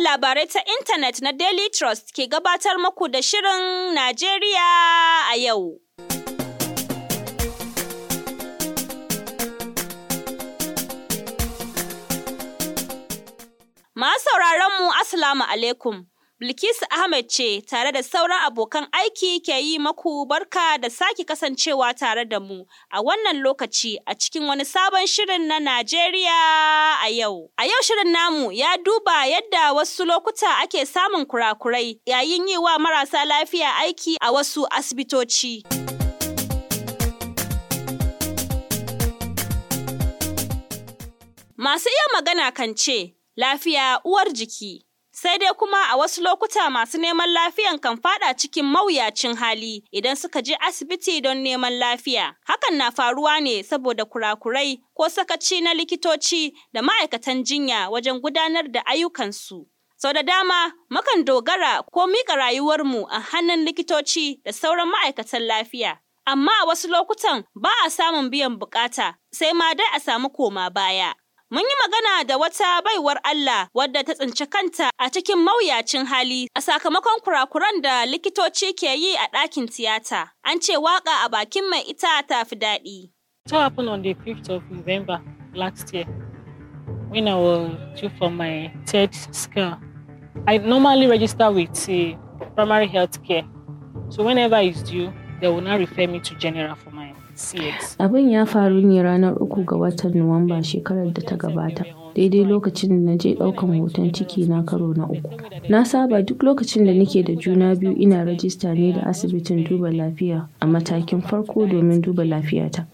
Sashen labarai ta intanet na Daily Trust ke gabatar muku da Shirin Najeriya a yau. Masu sauraron mu Assalamu alaikum. Bilkisu Ahmed ce tare da sauran abokan aiki ke yi maku barka da sake kasancewa tare da mu a wannan lokaci a cikin wani sabon shirin na Najeriya a yau. A yau shirin namu ya duba yadda wasu lokuta ake samun kurakurai yayin yi wa marasa lafiya aiki a wasu asibitoci. Masu iya magana kan ce, lafiya uwar jiki. sai dai kuma a wasu lokuta masu neman lafiyan kan fada cikin mawuyacin hali idan suka je asibiti don neman lafiya. Hakan na faruwa ne saboda kurakurai ko sakaci na likitoci da ma'aikatan jinya wajen gudanar da ayyukansu. Sau da dama, mukan dogara ko miƙa rayuwarmu a hannun likitoci da sauran ma'aikatan lafiya. Amma a wasu lokutan ba a samun biyan bukata, sai ma dai a samu koma baya. Mun yi magana da wata baiwar Allah wadda ta tsinci kanta a cikin mawuyacin hali a sakamakon kurakuran da likitoci ke yi a ɗakin tiyata. An ce waka a bakin mai ita ta fi daɗi. It happened on the 5th of November last year when I was due for my third scan. I normally register with uh, primary health care. So whenever it's due, they will not refer me to general Abin ya faru ne ranar 3 ga watan Nuwamba shekarar da ta gabata. daidai lokacin da na je ɗaukan hoton ciki na karo na uku. Na saba duk lokacin da nake da juna biyu ina rajista ne da asibitin duba lafiya a matakin farko domin duba lafiyata.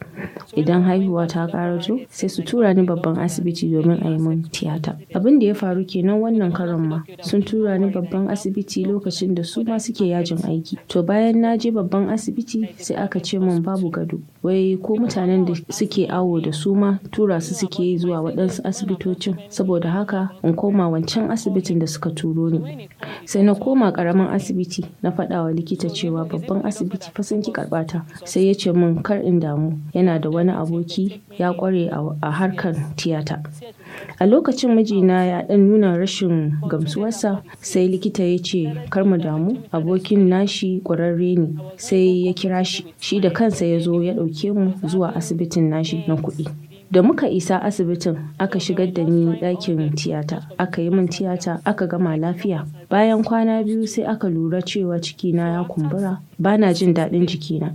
Idan haihuwa ta zo sai su tura ni babban asibiti domin a yi mun tiyata. Abin da ya faru kenan wannan karon ma sun tura ni babban asibiti lokacin da su ma suke yajin aiki. To bayan na je babban asibiti sai aka ce mun babu gado. wai ko mutanen da suke awo da su ma tura su suke yi zuwa waɗansu asibitocin saboda haka in koma wancan asibitin da suka turo ni sai na koma ƙaramin asibiti na faɗa wa likita cewa babban asibiti fa sun ki karɓata sai ya ce min kar in damu yana da wani aboki ya ƙware a harkar tiyata a lokacin mijina ya ɗan nuna rashin gamsuwarsa sai likita ya ce kar mu damu abokin nashi ƙwararre ne sai ya kira shi shi da kansa ya zo ya ɗauki ɗauke mu zuwa asibitin nashi na kuɗi. Da muka isa asibitin aka shigar da ni ɗakin tiyata, aka yi min tiyata aka gama lafiya. Bayan kwana biyu sai aka lura cewa cikina ya kumbura, Ba na jin daɗin jikina.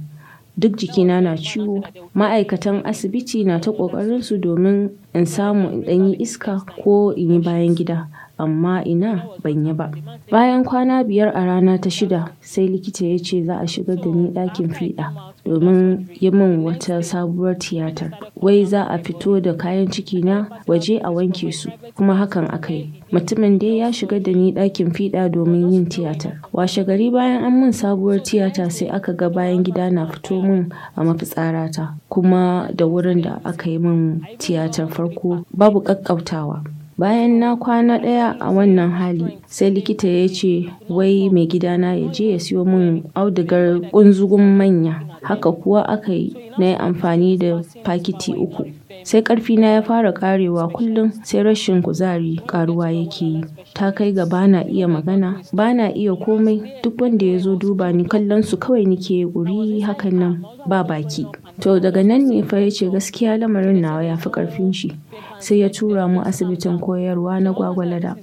Duk jikina na ciwo, ma'aikatan asibiti na ta ƙoƙarinsu domin in samu in yi iska ko in yi bayan gida. amma ina ban yi ba. Bayan kwana biyar a rana ta shida sai likita ya ce za a shigar da ni ɗakin fiɗa domin yi min wata sabuwar tiyatar. Wai za a fito da kayan ciki na waje a wanke su kuma hakan aka yi. Mutumin dai ya shiga da ni ɗakin fiɗa domin yin tiyatar. Washe gari bayan an min sabuwar tiyata sai aka ga bayan gida na fito min a mafitsarata kuma da wurin da aka yi min tiyatar farko babu ƙaƙƙautawa. Bayan na kwana ɗaya a wannan hali, sai likita ya ce wai mai gidana ya je ya siyo min audugar ƙunzugun manya. Haka kuwa aka yi, na yi amfani da fakiti uku. Sai karfi na ya fara karewa kullum sai rashin kuzari karuwa yake yi. Ta kai ga bana iya magana, bana iya komai, duk wanda ya zo duba ni kallon su kawai nike guri hakan nan ba baki. To daga nan ne fa yace gaskiya lamarin nawa ya fi ƙarfin shi, sai ya tura mu asibitin koyarwa na Gwagwalada.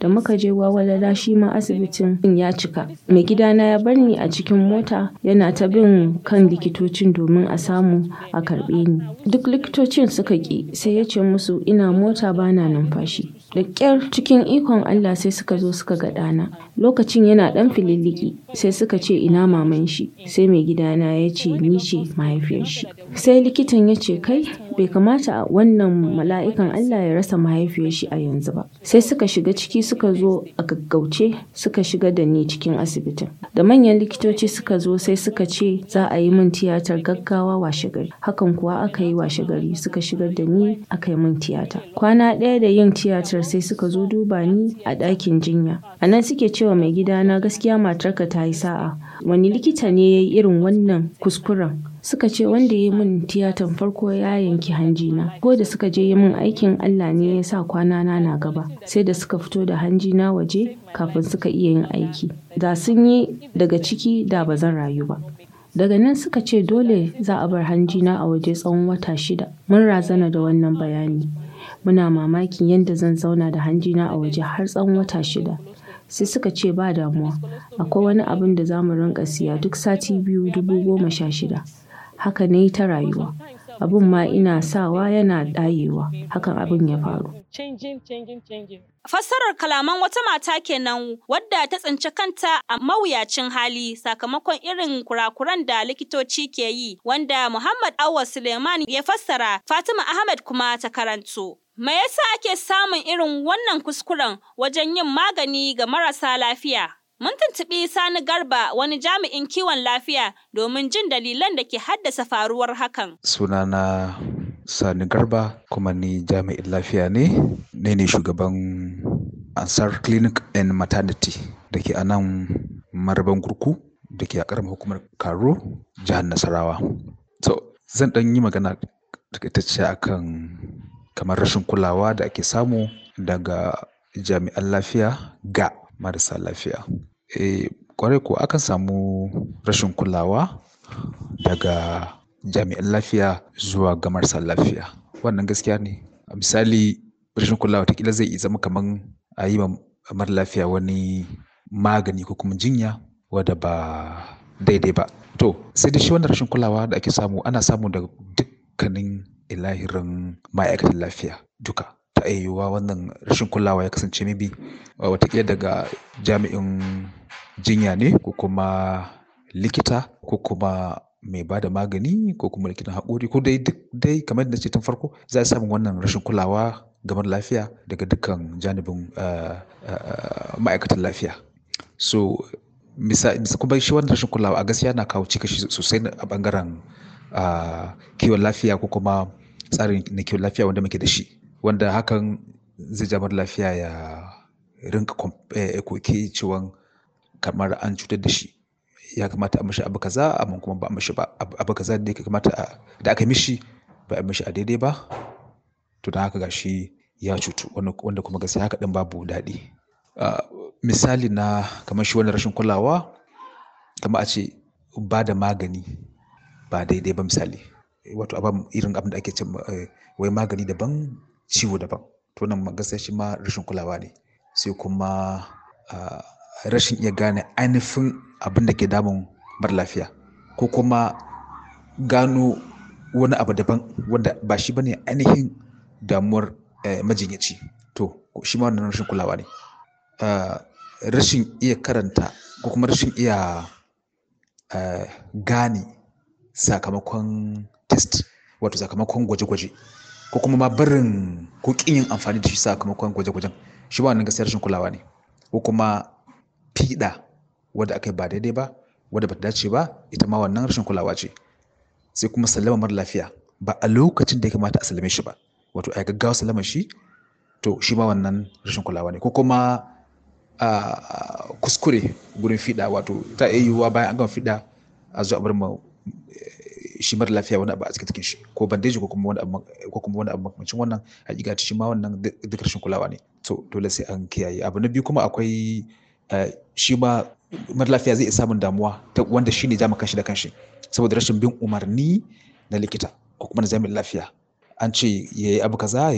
Da muka je Gwagwalada shi ma asibitin ya cika. Mai gidana ya bar ni a cikin mota yana ta bin kan likitocin domin a samu a karɓe ni. Duk likitocin suka ƙi sai yace musu ina mota bana numfashi. Da ƙyar cikin ikon Allah sai suka zo suka ga ɗana. Lokacin yana ɗan fililliki sai suka ce ina maman shi sai mai gidana ya ce ni ce mahaifiyar shi. Sai likitan ya ce kai bai kamata a wannan mala'ikan Allah ya rasa mahaifiyar shi a yanzu ba. Sai suka shiga ciki suka zo a gaggauce suka shiga da ni cikin asibitin. Da manyan likitoci suka zo sai suka ce za a yi min tiyatar gaggawa washe gari. Hakan kuwa aka yi washe gari suka shigar da ni aka yi min tiyata. Kwana ɗaya da yin tiyatar sai suka zo duba ni a ɗakin jinya. A nan suke cewa mai gidana gaskiya matarka ta yi sa'a. Wani likita ne ya yi irin wannan kuskuren suka ce wanda ya yi min tiyatan farko ya yanki hanjina ko da suka je yi min aikin allah ne ya sa kwana na na gaba sai da suka fito da hanjina waje kafin suka iya yin aiki da sun yi daga ciki da ba zan rayu ba daga nan suka ce dole za a bar hanjina a waje tsawon wata shida mun razana da wannan bayani muna mamakin yadda zan zauna da hanjina a waje har tsawon wata shida sai suka ce ba damuwa akwai wani abin da za mu rinka siya duk sati biyu dubu goma sha shida haka na ta rayuwa abin ma ina sawa yana ɗayewa hakan abin ya faru Fassarar kalaman wata mata kenan wadda ta tsinci kanta a mawuyacin hali sakamakon irin kurakuran da likitoci ke yi wanda Muhammad Awa Suleiman ya fassara Fatima Ahmed kuma ta karanto. Me yasa ake samun irin wannan kuskuren wajen yin magani ga marasa lafiya? Mun tuntuɓi Sani Garba wani jami'in kiwon lafiya domin jin dalilan da ke haddasa faruwar hakan. Sunana Sani Garba kuma ni jami'in lafiya ne, ne ne shugaban Ansar Clinic and Maternity da ke a nan Gurku da ke a ƙaramar hukumar Karo, jihar Nasarawa. So, zan ɗan yi magana takaitacce akan kamar rashin kulawa da ake samu daga jami'an lafiya ga marasa lafiya. Eh kwarai ko akan samu rashin kulawa daga jami'an lafiya zuwa ga marasa lafiya. Wannan gaskiya ne. A misali rashin kulawa ta kila zai zama kamar a yi ma mara lafiya wani magani ko kuma jinya wadda ba daidai ba. To sai da shi wannan rashin kulawa da ake samu ana samu da dukkanin ilahirin ma'aikatan lafiya duka. ta yiwuwa wannan rashin kulawa ya kasance maybe uh, watakila daga jami'in jinya ne ko kuma likita ko kuma mai ba da magani ko kuma likitan haƙuri ko dai duk dai kamar da ce tun farko za a samu wannan rashin kulawa game da lafiya daga dukkan janibin uh, uh, ma'aikatan lafiya so misa kuma shi wannan rashin kulawa a gaskiya na kawo cikashi sosai a bangaren kiwon lafiya ko kuma tsarin na kiwon lafiya wanda muke da shi wanda hakan zai jamar lafiya ya rinka eh, koke ciwon kamar an cutar da shi ya kamata a mashi abu kaza amma kuma ba a mashi ba abu kaza da ya kamata da aka mishi ba a mishi a daidai ba to don haka gashi ya cutu wanda kuma gaskiya haka din babu daɗi misali na kamar shi wani rashin kulawa kamar a ce ba da magani ba daidai ba misali wato a irin abin da ake ce eh, wai magani daban ciwo daban to nan ma gaskiya shi ma rashin kulawa ne sai kuma rashin iya gane ainihin abin da ke damun mara lafiya ko kuma gano wani abu daban wanda ba shi bane ainihin damuwar eh, majinyaci to shi ma wannan rashin kulawa ne rashin iya karanta ko kuma rashin iya gane sakamakon test wato sakamakon gwaje-gwaje ko kuma ma barin ko kin yin amfani da shi sakamakon gwaje-gwajen shi ba wannan gaskiya rashin kulawa ne ko kuma fiɗa wadda aka yi ba daidai ba wadda ba ta dace ba ita ma wannan rashin kulawa ce sai kuma sallama mara lafiya ba a lokacin da ya kamata a sallame shi ba wato a gaggawa sallama shi to shi ma wannan rashin kulawa ne ko kuma kuskure gurin fiɗa wato ta iya yiwuwa bayan an gama fiɗa a zuwa bar shi mara lafiya wani abu a cikin cikin shi ko bandeji ko kuma wani abu makamancin wannan hakika shi ma wannan duk rashin kulawa ne to dole sai an kiyaye abu na biyu kuma akwai eh, shi ma mara lafiya zai iya samun damuwa ta wanda shi ne jama kanshi da kanshi saboda rashin bin umarni na likita ko kuma na jami'in lafiya an ce ya yi abu kaza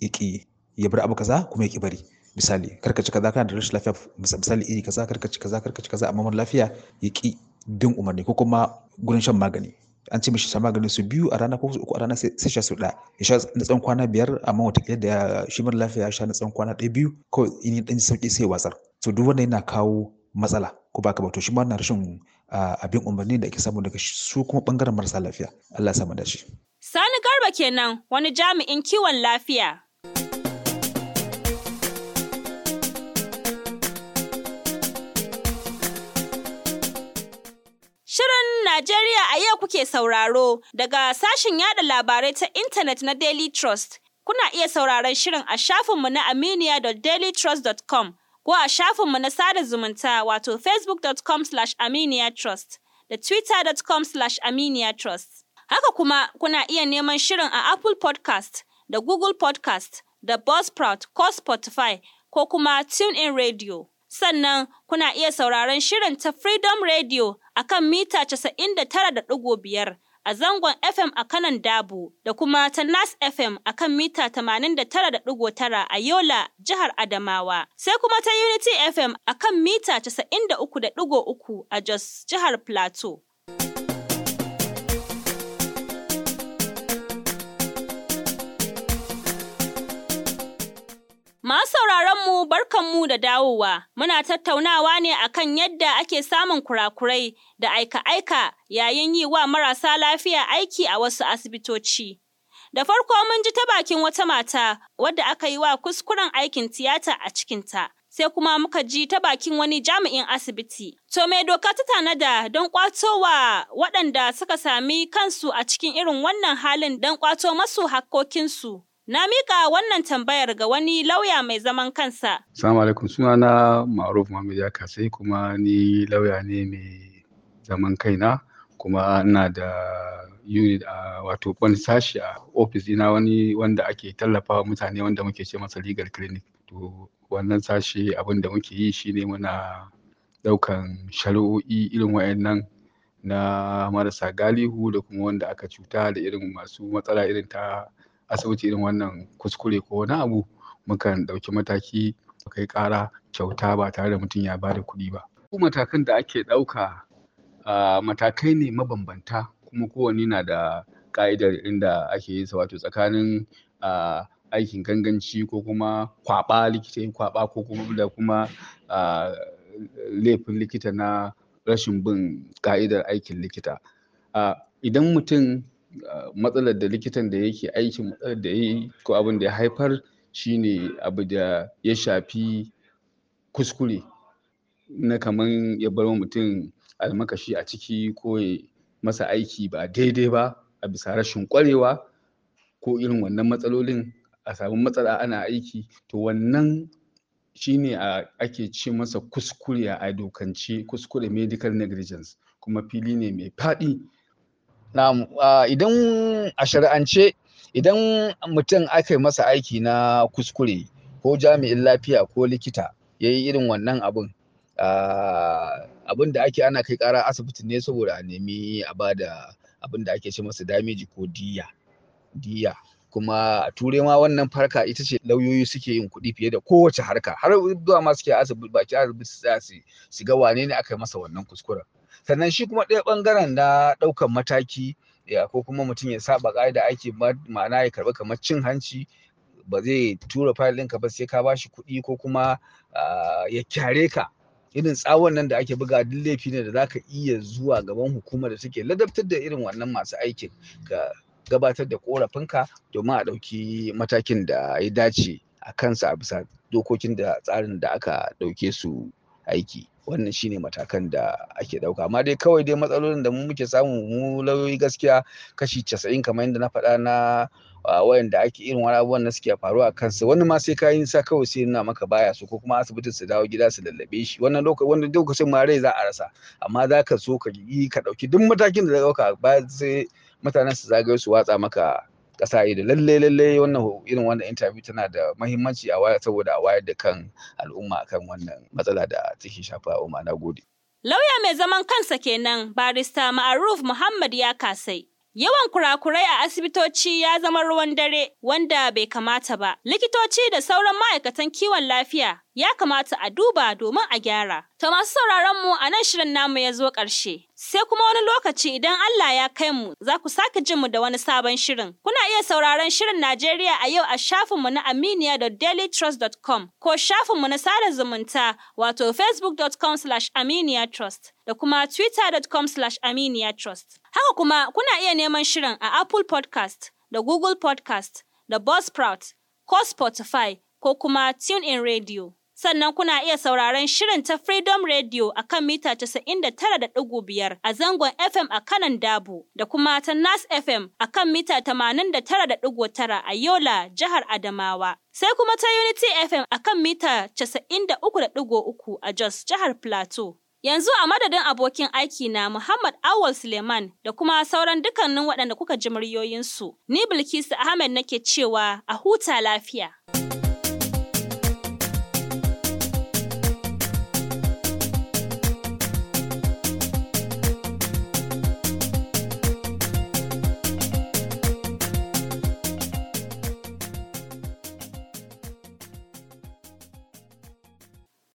ya ki ya bar abu kaza kuma ya ki bari misali karka ci kaza kana da rashin lafiya misali iri kaza karka ci kaza karka ci kaza amma mara lafiya ya ki bin umarni ko kuma gurin shan magani an ce mishi sama ganin su biyu a rana ko su uku a rana sai sha su ɗaya ya sha na tsawon kwana biyar amma wataƙila da shi mara lafiya ya sha na tsawon kwana ɗaya biyu kawai in ɗan sauƙi sai watsar to duk wanda yana kawo matsala ko ba ka ba to shi ma na rashin abin umarni da ake samu daga su kuma ɓangaren marasa lafiya Allah ya sa mu dace. Sani Garba kenan wani jami'in kiwon lafiya Najeriya a yau kuke sauraro daga sashen yada labarai ta intanet na Daily Trust. Kuna iya sauraron shirin a shafinmu na aminiya.dailytrust.com ko a shafinmu na sada zumunta wato facebook.com slash aminiyatrust da twitter.com slash aminiyatrust. Haka kuma kuna iya neman shirin a Apple podcast da Google podcast da Buzzsprout ko Spotify ko kuma TuneIn Radio. Sannan kuna iya sauraron shirin ta Freedom Radio a kan mita 99.5 a zangon FM a kanan dabu da kuma ta Nas FM a kan mita 89.9 a Yola, jihar Adamawa. Sai kuma ta Unity FM a kan mita 93.3 a Jos, jihar Plateau. mu da dawowa, muna tattaunawa ne akan yadda ake samun kurakurai da aika-aika yayin yi wa marasa lafiya aiki a wasu asibitoci. Da farko mun ji ta bakin wata mata wadda aka yi wa kuskuren aikin tiyata a cikinta, sai kuma muka ji ta bakin wani jami'in asibiti. To mai doka ta tanada don wa waɗanda suka sami kansu a cikin irin wannan halin don kwato masu hakkokinsu. Na mika wannan tambayar ga wani lauya mai zaman kansa. Salamu alaikum sunana Ma'ruf Muhammad ya kasai kuma ni lauya ne mai zaman kaina kuma ina da unit a wato wani sashi a ofis ina wani wanda ake tallafa mutane wanda muke ce masa legal clinic. To wannan sashi abin da muke yi shine muna daukan shari'o'i irin wayannan na marasa galihu da kuma wanda aka cuta da irin masu matsala irin ta asibiti irin wannan kuskure ko wani abu mukan ɗauki mataki kai ƙara kyauta ba tare da mutum ya bada kuɗi ba. Ku matakan da ake ɗauka matakai ne mabambanta kuma kowanne na da ƙa'idar inda ake yin sa wato tsakanin aikin ganganci ko kuma kwaɓa likita kwaɓa ko kuma da laifin likita na rashin bin ƙa'idar aikin likita. Idan mutum matsalar da likitan da yake aiki matsalar da ya yi ko abin da ya haifar shine abu da ya shafi kuskure na kaman ya bar mutum almakashi a ciki ko ya masa aiki ba daidai ba a bisa rashin kwarewa ko irin wannan matsalolin a samu matsala ana aiki to wannan shine a ake ce masa kuskure a dokance kuskure medical negligence kuma fili ne mai faɗi Na'am, idan a shari'ance idan mutum aka yi masa aiki na kuskure ko jami'in lafiya ko likita ya yi irin wannan abin abin da ake ana kai kara asibiti ne saboda a nemi a ba da abin da ake ce masa damiji ko diya diya kuma a ture ma wannan farka ita ce lauyoyi suke yin kuɗi fiye da kowace harka har zuwa ma suke asibiti baki asibiti su ga wane ne aka yi masa wannan kuskuren sannan shi kuma ɗaya ɓangaren na ɗaukan mataki ko kuma mutum ya saba ƙa'ida aiki ma'ana ya karɓi kamar cin hanci ba zai tura fayil ɗinka ba sai ka ba shi kuɗi ko kuma ya kyare ka irin tsawon nan da ake buga duk laifi ne da za ka iya zuwa gaban hukumar da take ladabtar da irin wannan masu aikin ka gabatar da korafinka domin a ɗauki matakin da ya dace a kansa a bisa dokokin da tsarin da aka ɗauke su aiki. wannan shine matakan da ake dauka amma dai kawai dai matsalolin da mu muke samu mu lauyoyi gaskiya kashi casa'in kamar yadda na faɗa na wayanda ake irin wani abubuwan da suke faruwa a kansu wani ma sai kayan sa kawai sai na maka baya su ko kuma asibitin su dawo gida su lallabe shi wannan lokacin wannan lokacin ma rai za a rasa amma za ka so ka yi ka dauki duk matakin da za ka dauka baya sai mutanen su zagaye su watsa maka ƙasa ido lalle lalle wannan irin wannan interview tana da mahimmanci a waya saboda a wayar da kan al'umma kan wannan matsala da take shafa al'umma na gode lauya mai zaman kansa kenan barista ma'aruf muhammad ya kasai Yawan kurakurai a asibitoci ya zama ruwan dare wanda bai kamata ba. Likitoci da sauran ma'aikatan kiwon lafiya ya kamata a duba domin a gyara. To masu sauraron mu a nan shirin namu ya zo ƙarshe. Sai kuma wani lokaci idan Allah ya kai mu za ku sake jin mu da wani sabon shirin. Kuna iya sauraron shirin Najeriya a yau a shafinmu na aminiya.dailytrust.com ko shafinmu na sada zumunta wato facebook.com slash aminiyatrust da kuma twitter.com slash aminiyatrust. Haka kuma kuna iya neman shirin a Apple podcast da Google podcast da Buzzsprout ko Spotify ko kuma TuneIn Radio. sannan kuna iya sauraron shirin ta Freedom Radio a kan mita 99.5 a zangon FM a kanan Dabu da kuma ta Nas FM a kan mita 89.9 a Yola, jihar Adamawa. Sai kuma ta Unity FM a kan mita 93.3 a Jos, jihar Plateau. Yanzu a madadin abokin aiki na Muhammad Awal Suleiman da kuma sauran dukkanin waɗanda kuka ji muryoyinsu, ni Bilkisu Ahmed nake cewa a huta lafiya.